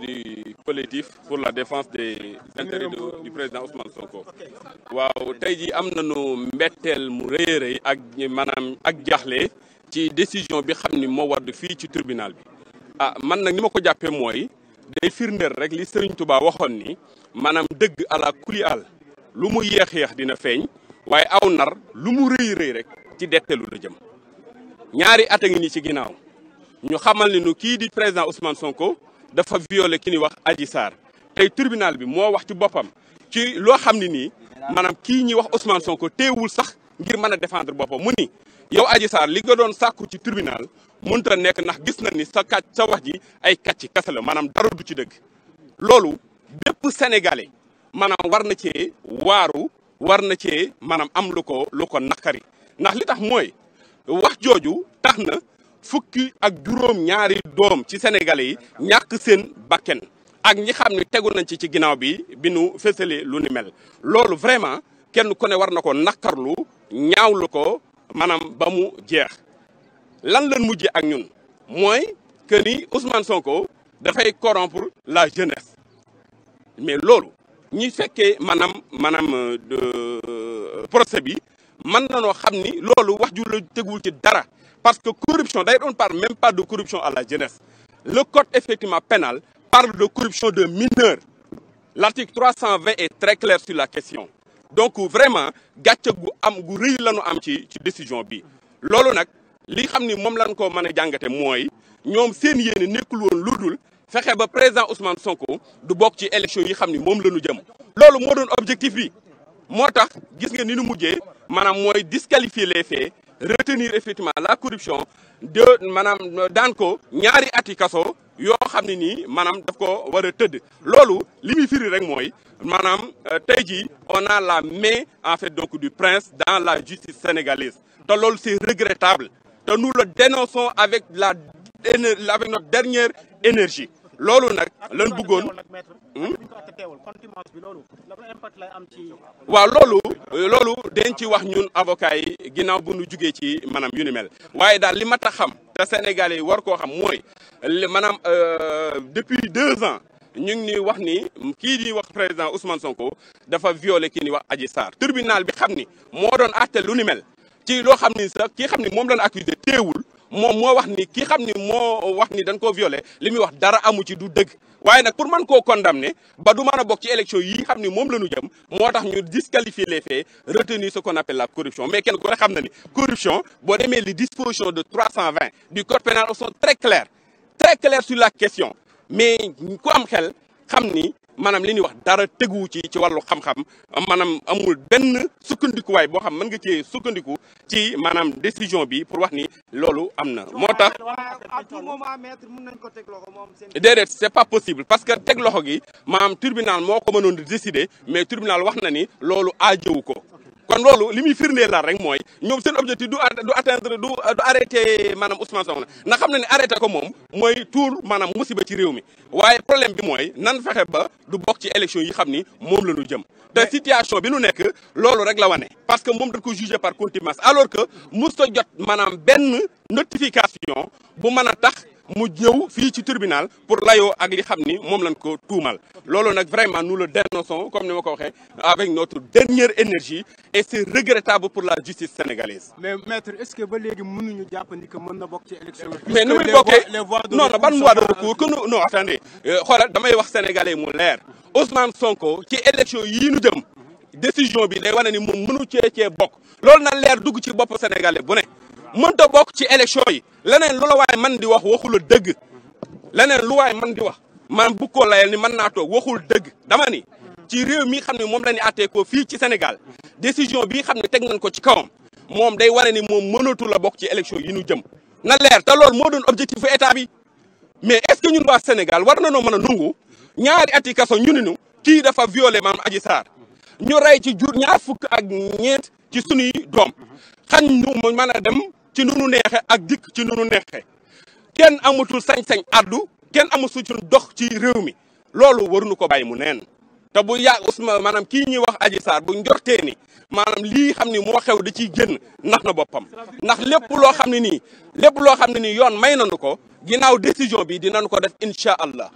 du des intérêts de, du président Ousmane Sonko waaw tey jii am na nañu mbetteel mu rëy a rëy ak maanaam ak jaaxle ci décision bi xam ni moo wadd fii ci tribunal bi ah man nag ni ma ko jàppee mooy day firndeel rek li Serigne Touba waxoon ni maanaam dëgg ala kuli àll lu mu yeex-yeex dina feeñ waaye aw nar lu mu rëy rëy rek ci detteelu la jëm ñaari at a ngi nii ci ginnaaw ñu xamal ni nu kii di président Ousmane Sonko dafa violé ki ñuy wax Adji Sarr tey tribunal bi moo wax ci boppam ci loo xam ne nii maanaam kii ñuy wax Ousmane ko teewul sax ngir mën a défendre boppam mu ni yow Adji Sarr li nga doon sàkku ci tribunal mënut a nekk ndax gis na ni sa kàcc sa wax ji ay kàcc kese la maanaam dara du ci dëgg loolu bépp sénégalais maanaam war na ci waaru war na ci maanaam am lu ko lu ko naqari ndax li tax mooy wax jooju tax na fukki ak juróom ñaari doom ci sénégalais yi ñàkk seen bakken ak ñi xam ne tegu nañ ci ci ginnaaw bi bi nu fësalee lu ni mel loolu vraiment kenn ku ne war na ko naqarlu ñaawlu ko maanaam ba mu jeex lan lan mujje ak ñun mooy que ni Ousmane Sonko dafay corrompre la jeunesse mais loolu ñi fekkee maanaam maanaam euh, de euh, procès bi mën na noo xam ni loolu wax ju la tegul ci dara parce que corruption day doon parle même pas de corruption à la jeunesse le code effectivement pénal parle de corruption de mineurs l'article 320 est très clair sur la question donc vraiment gàcce gu am gu rëy la ñu am ci ci décision bi loolu nag li xam ni moom lañ ko mën a jàngate mooy ñoom seen yéene nekkul woon lu dul fexe ba président Ousmane Sonko du bokk ci élection yi xam ni moom la ñu jëm loolu moo doon objectif bi moo tax gis nga ni nu mujjee maanaam mooy disqualifier les faits retenir effectivement la corruption de maanaam daan ko ñaari ati kaso yoo xam ne nii maanaam daf ko war tëdd loolu li muy firi rek mooy maanaam euh, tey jii on la mais en fait donc du prince dans la justice sénégalaise te loolu c'est regrettable te nous le dénonçons avec la avec notre dernière énergie loolu nag lan bëggoon hmm? waa loolu loolu dañ ci wax ñun avocat yi ginnaaw bu nu jugee ci maanaam yu ni mel waaye daal li ma tax xam te sénégalais yi war koo xam mooy maanaam euh, depuis deux ans ñu ngi ni wax ni kii di wax président Ousmane Sonko dafa violé kii ni wax aji Sarr tribunal bi xam ni moo doon àtte lu ni mel ci loo xam ni sax kii xam ni moom lañ accusé teewul moom moo wax ni ki xam ni moo wax ni dañ koo violé li muy wax dara amu ci du dëgg waaye nag pour man koo condamner ba du mën a bokk ci élection yi xam ni moom la ñu jëm moo tax ñu disqualifier les faits retenir ce qu'on appelle la corruption mais kenn ku ne xam na ni corruption boo demee les dispositions de 320 du code pénal sont très claires très claires sur la question mais ku am xel xam ni maanaam li ñuy wax dara teguwu ci ci wàllu xam-xam maanaam amul benn sukkandikuwaay boo xam mën nga cee sukkandiku ci maanaam décision bi pour wax ni loolu am na moo tax déedéet c'est pas possible parce que teg loxo gi maanaam tribunal moo ko mënoon di décider mais tribunal wax na ni loolu aa aajowu ko kon loolu li muy firndeel daal rek mooy ñoom seen objectif du du atteindre du du arrêté maanaam Ousmane Sonko na xam na ne arrêté ko moom mooy tuur maanaam musiba ci réew mi waaye problème bi mooy nan fexe ba du bokk ci élection yi xam ni moom la ñu jëm te situation bi nu nekk loolu rek la wane parce que moom dañ ko jugé par contumace alors que mos ta jot maanaam benn notification bu mën a tax mu jëw fii ci tribunal pour layoo ak li xam ni moom lañ ko tuumal loolu nag vraiment nous le dénonçons comme ni ma ko waxee avec notre dernière énergie et c'est regrettable pour la justice sénégalaise. mais maître est-ce que ba léegi mënuñu jàpp ni que mën na bokk ci élection yi. mais nu muy bokkee non non ban voie de recours que non non attendez euh, xoolal damay wax sénégalais mu leer Ousmane Sonko ci élection yii jëm. décision bi day wane ni moom mënu cee cee bokk loolu na leer dugg ci bopp sénégalais bu ne mënta bokk ci élection yi. leneen lu la waaye man di wax waxula dëgg leneen lu waaye man di wax man bu ko layal ni mën naa toog waxul dëgg dama ni ci réew mi xam ne moom la ñu àttee ko fii ci senegal décision bii xam ne teg nañ ko ci kawam moom day wane ni moom mënatu a bokk ci élection yi ñu jëm na leer te loolu moo doon objectif état bi mais est-ce que ñun waa Sénégal war na noo mën a nungu ñaari ati kaso ñu ni ñu kii dafa violé maam Adji Sarr ñu rey ci jur ñaar fukk ak ñeent ci sunuy doom xañ ñu mën a dem ci nu nu neexe ak dikk ci nu nu neexe kenn amatul sañ-sañ addu kenn amatul suñ dox ci réew mi loolu waruñu ko bay mu neen te bu yaa Ousmane maanaam kii ñuy wax Adji Sarr bu njortee ni maanaam lii xam ni moo xew di ciy génn nax na boppam ndax lépp loo xam ne nii lépp loo xam ne nii yoon may na nañu ko ginnaaw décision bi dinañu ko def incha allah